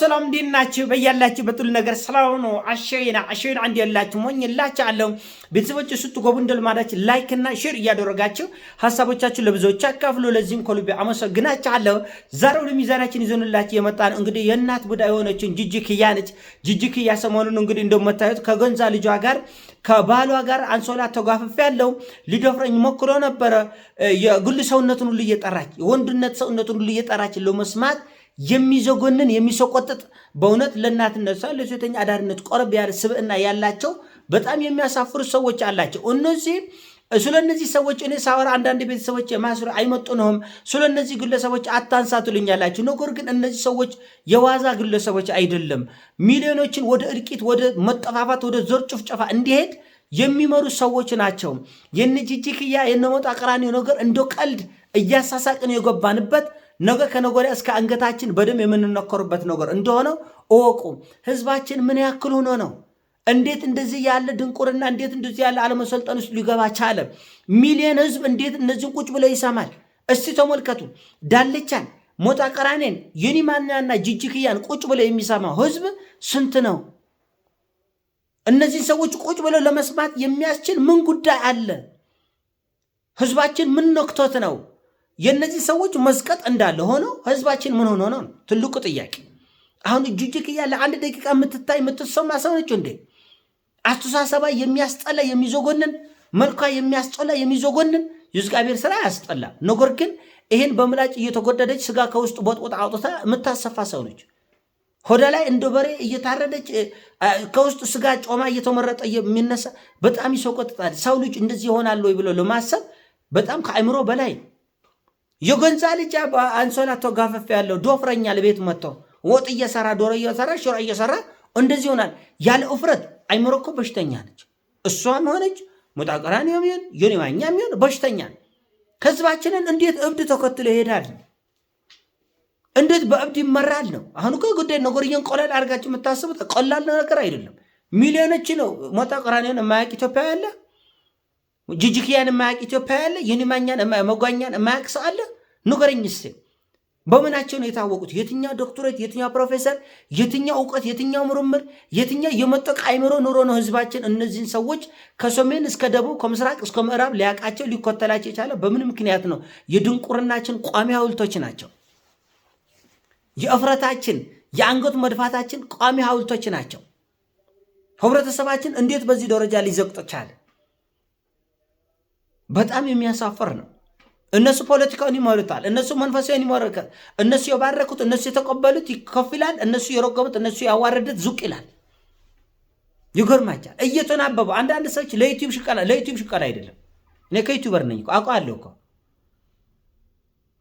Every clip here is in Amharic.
ሰላም እንዴት ናችሁ? በያላችሁ በጥል ነገር ሰላም ነው። አሸይና አሸይና አንድ ያላችሁ ሞኝላችሁ አለው ቤተሰቦች ስትገቡ እንደልማዳችሁ ላይክ እና ሼር እያደረጋችሁ ሀሳቦቻችሁ ለብዙዎች አካፍሉ። ለዚህም ከልቤ አመሰግናችኋለሁ። ዛሬ ወደ ሚዛናችን ይዘንላችሁ የመጣን እንግዲህ የእናት ቡዳ የሆነችን ጂጂ ኪያ ነች። ጂጂ ኪያ ሰሞኑን እንግዲህ እንደምታዩት ከገንዛ ልጇ ጋር ከባሏ ጋር አንሶላ ተጓፍፍ ያለው ሊደፍረኝ ሞክሮ ነበረ። የግል ሰውነቱን ሁሉ እየጠራች የወንድነት ሰውነቱን ሁሉ እየጠራች ለመስማት የሚዘጎንን የሚሰቆጥጥ በእውነት ለእናትነት ሳ ለሴተኛ አዳሪነት ቆረብ ያለ ስብዕና ያላቸው በጣም የሚያሳፍሩ ሰዎች አላቸው። እነዚህ ስለ እነዚህ ሰዎች እኔ ሳወራ አንዳንድ ቤተሰቦች የማስሩ አይመጡንም። ስለ እነዚህ ግለሰቦች አታንሳ አታንሳቱልኛላችሁ። ነገር ግን እነዚህ ሰዎች የዋዛ ግለሰቦች አይደለም። ሚሊዮኖችን ወደ እልቂት፣ ወደ መጠፋፋት፣ ወደ ዘር ጭፍጨፋ እንዲሄድ የሚመሩ ሰዎች ናቸው። የነ ጂጂክያ የነ ሞጣ ቀራኒዮ ነገር እንደ ቀልድ እያሳሳቅን የገባንበት ነገ ከነጎዳ እስከ አንገታችን በደም የምንነከሩበት ነገር እንደሆነ እወቁ። ህዝባችን ምን ያክል ሆኖ ነው? እንዴት እንደዚህ ያለ ድንቁርና፣ እንዴት እንደዚህ ያለ አለመሰልጠን ውስጥ ሊገባ ቻለ? ሚሊዮን ህዝብ እንዴት እነዚህን ቁጭ ብለው ይሰማል? እስቲ ተመልከቱ። ዳልቻን፣ ሞጣ ቀራኔን፣ የኒማናና ጅጅክያን ቁጭ ብለው የሚሰማው ህዝብ ስንት ነው? እነዚህን ሰዎች ቁጭ ብለው ለመስማት የሚያስችል ምን ጉዳይ አለ? ህዝባችን ምን ነክቶት ነው? የእነዚህ ሰዎች መስቀጥ እንዳለ ሆኖ ህዝባችን ምን ሆኖ ነው ትልቁ ጥያቄ። አሁን ጁጅክያ ለአንድ ደቂቃ የምትታይ የምትሰማ ሰው ነች እንዴ? አስተሳሰባ የሚያስጠላ የሚዞጎንን፣ መልኳ የሚያስጠላ የሚዞጎንን የእግዚአብሔር ስራ ያስጠላ። ነገር ግን ይህን በምላጭ እየተጎደደች ስጋ ከውስጥ በጥቁጥ አውጥታ የምታሰፋ ሰው ነች። ሆዳ ላይ እንደ በሬ እየታረደች ከውስጥ ስጋ ጮማ እየተመረጠ የሚነሳ በጣም ይሰቆጥጣል። ሰው ልጅ እንደዚህ ይሆናል ወይ ብሎ ለማሰብ በጣም ከአእምሮ በላይ የጎንዛ ልጅ አንሶላቶ ተጋፈፍ ያለው ዶፍረኛ ለቤት መጥቶ ወጥ እየሰራ ዶሮ እየሰራ ሽሮ እየሰራ እንደዚህ ይሆናል። ያለ እፍረት አይምሮ እኮ በሽተኛ ነች። እሷም ሆነች ሙጣቀራን የሚሆን ዮኒማኛ የሚሆን በሽተኛ ህዝባችንን እንዴት እብድ ተከትሎ ይሄዳል? እንዴት በእብድ ይመራል ነው። አሁን እኮ ጉዳይ ነገርየን ቆላል አድርጋችሁ የምታስቡት ቀላል ነገር አይደለም። ሚሊዮኖች ነው ሞጣ ቀራኒዮን የማያውቅ ኢትዮጵያ ያለ፣ ጅጅክያን የማያውቅ ኢትዮጵያ ያለ፣ ዩኒማኛን መጓኛን የማያውቅ ሰው አለ። ንገረኝ እስኪ በምናቸው ነው የታወቁት? የትኛው ዶክቶሬት፣ የትኛው ፕሮፌሰር፣ የትኛው እውቀት፣ የትኛው ምርምር፣ የትኛው የመጠቅ አይምሮ ኑሮ ነው ህዝባችን እነዚህን ሰዎች ከሰሜን እስከ ደቡብ ከምስራቅ እስከ ምዕራብ ሊያውቃቸው ሊኮተላቸው የቻለ በምን ምክንያት ነው? የድንቁርናችን ቋሚ ሐውልቶች ናቸው። የእፍረታችን የአንገት መድፋታችን ቋሚ ሐውልቶች ናቸው። ህብረተሰባችን እንዴት በዚህ ደረጃ ሊዘቅጥ ቻለ? በጣም የሚያሳፈር ነው። እነሱ ፖለቲካውን ይመሩታል። እነሱ መንፈሳዊን ይመሩታል። እነሱ የባረኩት፣ እነሱ የተቀበሉት ይከፍላል። እነሱ የረገሙት፣ እነሱ ያዋረዱት ዝቅ ይላል። ይገርማቻል። እየተናበቡ አንዳንድ ሰዎች ለዩቲዩብ ሽቀላ ለዩቲዩብ ሽቀላ አይደለም። እኔ ከዩቲዩበር ነኝ አውቃለሁ እኮ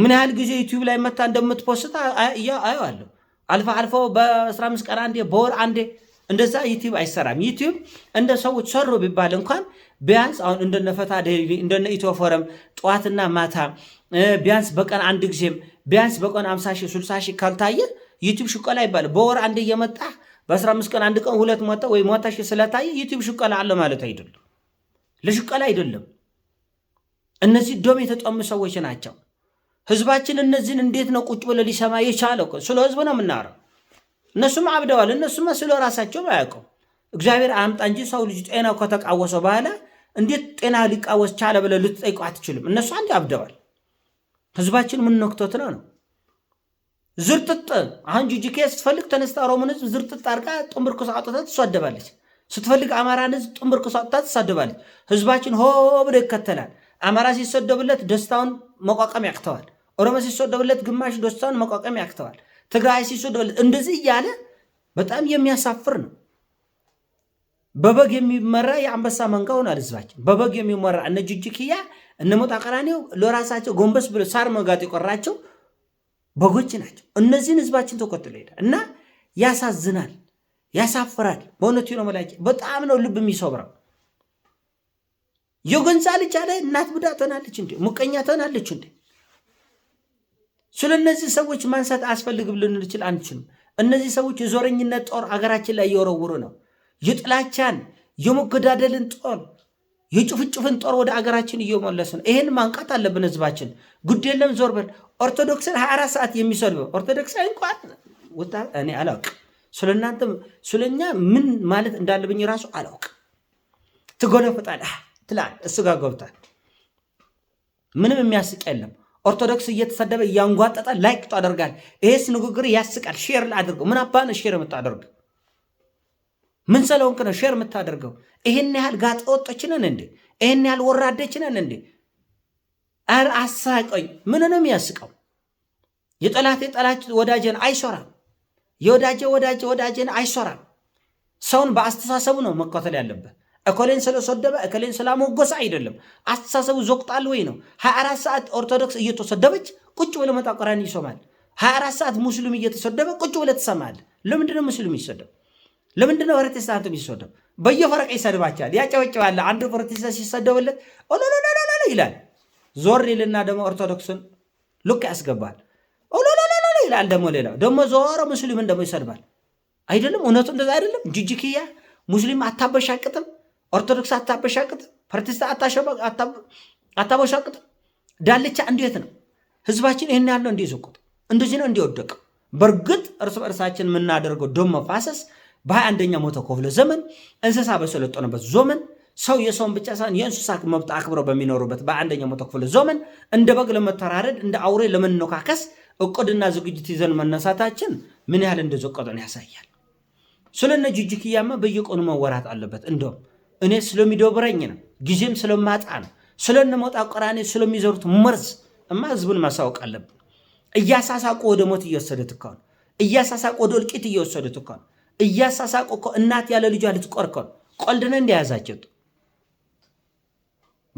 ምን ያህል ጊዜ ዩቲዩብ ላይ መታ እንደምትፖስት አየዋለሁ። አልፎ አልፎ በ15 ቀን አንዴ በወር አንዴ እንደዛ ዩቲዩብ አይሰራም። ዩቲዩብ እንደ ሰዎች ሰሩ ቢባል እንኳን ቢያንስ አሁን እንደነፈታ ደሊ እንደነ ኢትዮ ፎረም ጠዋትና ማታ ቢያንስ በቀን አንድ ጊዜም ቢያንስ በቀን 50 ሺህ 60 ሺህ ካልታየ ዩቲዩብ ሽቆላ ይባል። በወር አንድ እየመጣ በ15 ቀን አንድ ቀን ሁለት ሞታ ወይ ሞታ ሺህ ስለታየ ዩቲዩብ ሽቆላ አለ ማለት አይደለም። ለሽቆላ አይደለም። እነዚህ ዶም የተጠሙ ሰዎች ናቸው። ህዝባችን እነዚህን እንዴት ነው ቁጭ ብለ ሊሰማ የቻለው? ስለ ህዝብ ነው የምናወራው። እነሱም አብደዋል። እነሱም ስለ ራሳቸው አያውቀው። እግዚአብሔር አምጣ እንጂ ሰው ልጅ ጤና ከተቃወሰ በኋላ እንዴት ጤና ሊቃወስ ቻለ ብለ ልትጠይቁ አትችልም። እነሱ አንድ አብደዋል። ህዝባችን ምን ነክቶት ነው? ዝርጥጥ አሁን ጂጂኬ ስትፈልግ ተነስታ ኦሮሞን ህዝብ ዝርጥጥ አርጋ ጡምብርኩስ አውጥታ ትሳደባለች። ስትፈልግ አማራን ህዝብ ጡምብርኩስ አውጥታ ትሳደባለች። ህዝባችን ሆ ብሎ ይከተላል። አማራ ሲሰደብለት ደስታውን መቋቋም ያቅተዋል። ኦሮሞ ሲሰደብለት ግማሽ ደስታውን መቋቋም ያቅተዋል። ትግራይ ሲሶ እንደዚህ እያለ በጣም የሚያሳፍር ነው። በበግ የሚመራ የአንበሳ መንጋ ሆኗል ህዝባችን። በበግ የሚመራ እነ ጅጅክያ እነ ሞጣ ቀራኔው ለራሳቸው ጎንበስ ብሎ ሳር መጋጥ የቆራቸው በጎች ናቸው። እነዚህን ህዝባችን ተቆጥሎ ሄዳል እና ያሳዝናል፣ ያሳፍራል። በእውነት ነው መላ በጣም ነው ልብ የሚሰብረው። የጎንዛ ልጅ አለ እናት ብዳ ትሆናለች እንዴ? ሙቀኛ ትሆናለች እንዴ? ስለ እነዚህ ሰዎች ማንሳት አያስፈልግም ልንል አንችልም። እነዚህ ሰዎች የዞረኝነት ጦር አገራችን ላይ እየወረውሩ ነው። የጥላቻን የመገዳደልን ጦር የጭፍጭፍን ጦር ወደ አገራችን እየመለሱ ነው። ይህን ማንቃት አለብን። ህዝባችን ግድ የለም ዞር በል። ኦርቶዶክስን 24 ሰዓት የሚሰልበው ኦርቶዶክስ እንኳን እኔ ስለእናንተ ስለኛ ምን ማለት እንዳለብኝ ራሱ አላውቅ። ትጎለፈጣል ትላል እስጋ ገብታል። ምንም የሚያስቅ የለም። ኦርቶዶክስ እየተሰደበ እያንጓጠጠ ላይክ አደርጋል ይሄስ ንግግር ያስቃል። ሼር አድርገው። ምን አባ ነው ሼር የምታደርግ? ምን ስለሆንክ ነው ሼር የምታደርገው? ይህን ያህል ወጦችነን እንዴ? ይህን ያህል ወራደችነን እንዴ? ኧረ አሳቀኝ። ምን ነው የሚያስቀው? የጠላቴ ጠላች ወዳጀን አይሶራም። የወዳጀ ወዳጀ ወዳጀን አይሶራም። ሰውን በአስተሳሰቡ ነው መከተል ያለበት። እኮሌን ስለሰደበ እኮሌን ስላሞጎሰ አይደለም። አስተሳሰቡ ዞቅጣል ወይ ነው። 24 ሰዓት ኦርቶዶክስ እየተሰደበች ቁጭ ብለ መጣ መጣቆራን ይሰማል። 24 ሰዓት ሙስሊም እየተሰደበ ቁጭ ብለ ትሰማል። ለምንድን ነው ሙስሊም ይሰደብ? ለምንድን ፕሮቴስታንት ይሰደብ? በየፈረቀ ይሰድባቻል፣ ያጨበጭባል። አንድ ፕሮቴስታንት ሲሰደብለት ኦሎሎሎሎ ይላል። ዞር ይልና ደግሞ ኦርቶዶክስን ልክ ያስገባል። ኦሎሎሎሎ ይላል። ደግሞ ሌላው ደግሞ ዞሮ ሙስሊምን ደግሞ ይሰድባል። አይደለም እውነቱ እንደዛ አይደለም? ጅጅክያ ሙስሊም አታበሻቅጥም ኦርቶዶክስ አታበሻቅጥ፣ ፕሮቴስታንት አታበሻቅጥ። ዳልቻ እንዴት ነው ህዝባችን ይህን ያለው ዝቁጥ እንደዚህ ነው እንዲወደቅ። በእርግጥ እርስ በእርሳችን የምናደርገው ደም መፋሰስ በሀያ አንደኛ መቶ ክፍለ ዘመን እንስሳ በሰለጠነበት ዘመን ሰው የሰውን ብቻ ሳይሆን የእንስሳ መብት አክብረው በሚኖሩበት በአንደኛ መቶ ክፍለ ዘመን እንደ በግ ለመተራረድ እንደ አውሬ ለመነካከስ እቅድና ዝግጅት ይዘን መነሳታችን ምን ያህል እንደዘቀጠን ያሳያል። ስለነ ጅጅክያማ በየቀኑ መወራት አለበት እንደውም እኔ ስለሚደብረኝ ነው፣ ጊዜም ስለማጣ ነው። ስለንሞጣ ቀራኔ ስለሚዘሩት መርዝ እማ ህዝቡን ማሳወቅ አለብን። እያሳሳቁ ወደ ሞት እየወሰዱት እኮ ነው። እያሳሳቁ ወደ እልቂት እየወሰዱት እኮ ነው። እያሳሳቁ እኮ እናት ያለ ልጇ ልትቆር እኮ ነው። ቆልድነ እንደያዛቸው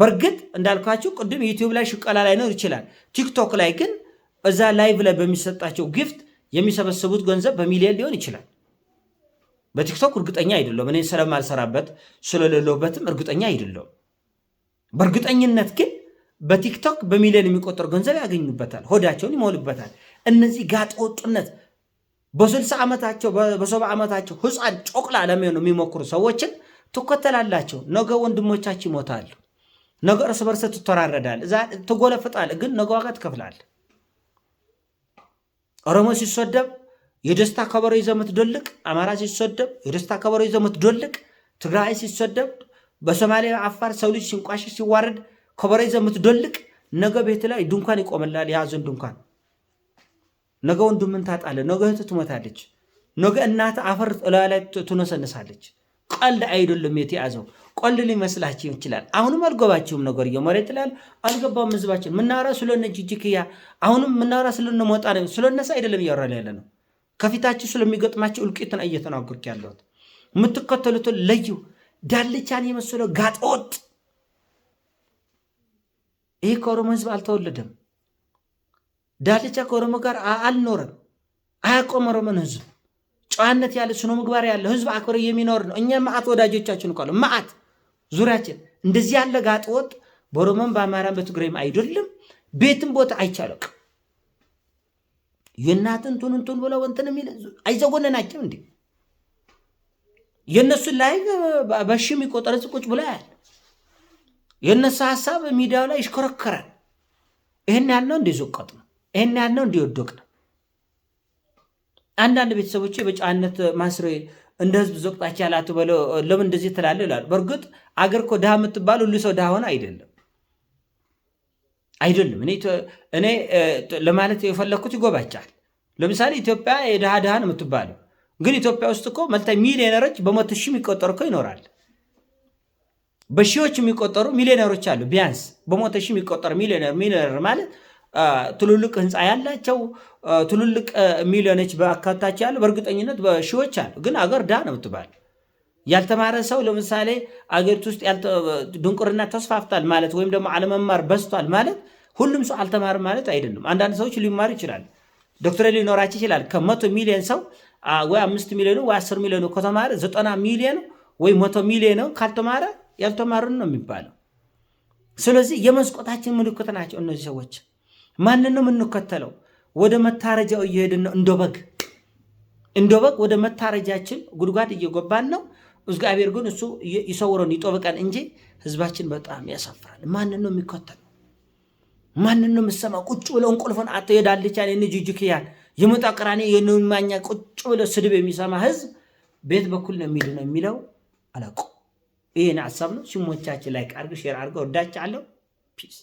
በእርግጥ እንዳልኳቸው ቅድም ዩቲዩብ ላይ ሽቀላ ላይኖር ይችላል። ቲክቶክ ላይ ግን እዛ ላይቭ ላይ በሚሰጣቸው ጊፍት የሚሰበስቡት ገንዘብ በሚሊዮን ሊሆን ይችላል። በቲክቶክ እርግጠኛ አይደለም። እኔ ስለማልሰራበት ስለሌለውበትም እርግጠኛ አይደለም። በእርግጠኝነት ግን በቲክቶክ በሚሊዮን የሚቆጠሩ ገንዘብ ያገኙበታል፣ ሆዳቸውን ይሞልበታል። እነዚህ ጋጠ በስልሳ ዓመታቸው በሰባ ዓመታቸው ህፃን ጮቅላ ለሚሆኑ የሚሞክሩ ሰዎችን ትከተላላቸው። ነገ ወንድሞቻች ይሞታል ነገ እርስ በርስ ትተራረዳል፣ ትጎለፍጣል፣ ግን ነገ ዋጋ ትከፍላል። ኦሮሞ ሲሰደብ የደስታ ከበሮ ይዘህ የምትደልቅ አማራ ሲሰደብ የደስታ ከበሮ ይዘህ የምትደልቅ ትግራይ ሲሰደብ በሶማሌ አፋር ሰው ልጅ ሲንቋሽ ሲዋረድ ከበሮ ይዘህ የምትደልቅ ነገ ቤት ላይ ድንኳን ይቆምላል። የያዙን ድንኳን ነገ ወንድምን ታጣለ፣ ነገ እህት ትሞታለች። ነገ እናት አፈር ላይ ላይ ትነሰንሳለች። ቀልድ አይደለም የተያዘው። ቀልድ ሊመስላችሁ ይችላል። አሁንም አልገባችሁም። ነገር እየመሬት ላይ አልገባም። ህዝባችን ምናራ ስለነ ጅጅክያ አሁንም ምናራ ስለነ ሞጣ ስለነሳ አይደለም እያወራ ያለ ነው። ከፊታችሁ ስለሚገጥማቸው እልቂት ነው እየተናገርኩ ያለሁት። የምትከተሉትን ለዩ። ዳልቻን የመሰለው ጋጠወጥ ይህ ከኦሮሞ ህዝብ አልተወለደም። ዳልቻ ከኦሮሞ ጋር አልኖረም። አያቆም ኦሮሞን ህዝብ ጨዋነት ያለ ስነ ምግባር ያለ ህዝብ አክብሮ የሚኖር ነው። እኛ መዓት ወዳጆቻችን እኮ አሉ መዓት ዙሪያችን እንደዚህ ያለ ጋጠወጥ በኦሮሞም በአማራም በትግራይም አይደለም። ቤትም ቦታ አይቻለቅም። የእናትን እንትን እንትን ብለው እንትን የሚል አይዘጎነናቸው እንዴ? የእነሱን ላይ በሺ የሚቆጠር ጽቁጭ ብሎ ያል የእነሱ ሀሳብ ሚዲያው ላይ ይሽከረከራል። ይህን ያህል ነው ዝቀጥ ነው፣ ይህን ያህል ነው እንዲወደቅ ነው። አንዳንድ ቤተሰቦች በጨዋነት ማስሬ እንደ ህዝብ ዞቅጣች ያላት በለው ለምን እንደዚህ ትላለህ ይላሉ። በእርግጥ አገር እኮ ድሃ የምትባል ሁሉ ሰው ድሃ ሆነ አይደለም አይደለም። እኔ ለማለት የፈለግኩት ይጎባጫል። ለምሳሌ ኢትዮጵያ የድሃ ድሃ ነው የምትባለው፣ ግን ኢትዮጵያ ውስጥ እኮ መልታ ሚሊዮነሮች በመቶ ሺህ የሚቆጠሩ እኮ ይኖራል። በሺዎች የሚቆጠሩ ሚሊዮነሮች አሉ። ቢያንስ በመቶ ሺህ የሚቆጠሩ ሚሊዮነር ሚሊዮነር ማለት ትልልቅ ህንፃ ያላቸው ትልልቅ ሚሊዮኖች በአካታቸው ያሉ በእርግጠኝነት በሺዎች አሉ። ግን አገር ድሃ ነው የምትባለው። ያልተማረ ሰው ለምሳሌ አገሪቱ ውስጥ ድንቁርና ተስፋፍቷል ማለት ወይም ደግሞ አለመማር በዝቷል ማለት ሁሉም ሰው አልተማርም ማለት አይደለም። አንዳንድ ሰዎች ሊማሩ ይችላል፣ ዶክትሬት ሊኖራቸው ይችላል። ከመቶ ሚሊዮን ሰው ወይ አምስት ሚሊዮኑ ወይ አስር ሚሊዮኑ ከተማረ ዘጠና ሚሊዮን ወይ መቶ ሚሊዮን ካልተማረ ያልተማሩን ነው የሚባለው። ስለዚህ የመስቆጣችን ምልክት ናቸው እነዚህ ሰዎች። ማንን ነው የምንከተለው? ወደ መታረጃው እየሄድን ነው። እንደ በግ እንደ በግ ወደ መታረጃችን ጉድጓድ እየጎባን ነው። እግዚአብሔር ግን እሱ ይሰውረን ይጠብቀን እንጂ ህዝባችን በጣም ያሳፍራል። ማንን ነው የሚከተለው? ማንን ነው የምሰማ? ቁጭ ብለው እንቁልፍን አቶ የዳልቻ የነ ጅጅክያን የመጣቅራኔ የንማኛ ቁጭ ብለው ስድብ የሚሰማ ህዝብ ቤት በኩል ነው የሚል ነው የሚለው አላቁ ይህን ሀሳብ ነው ሽሞቻችን ላይ አድርግ ሽር አርገ ወዳች አለው ፒስ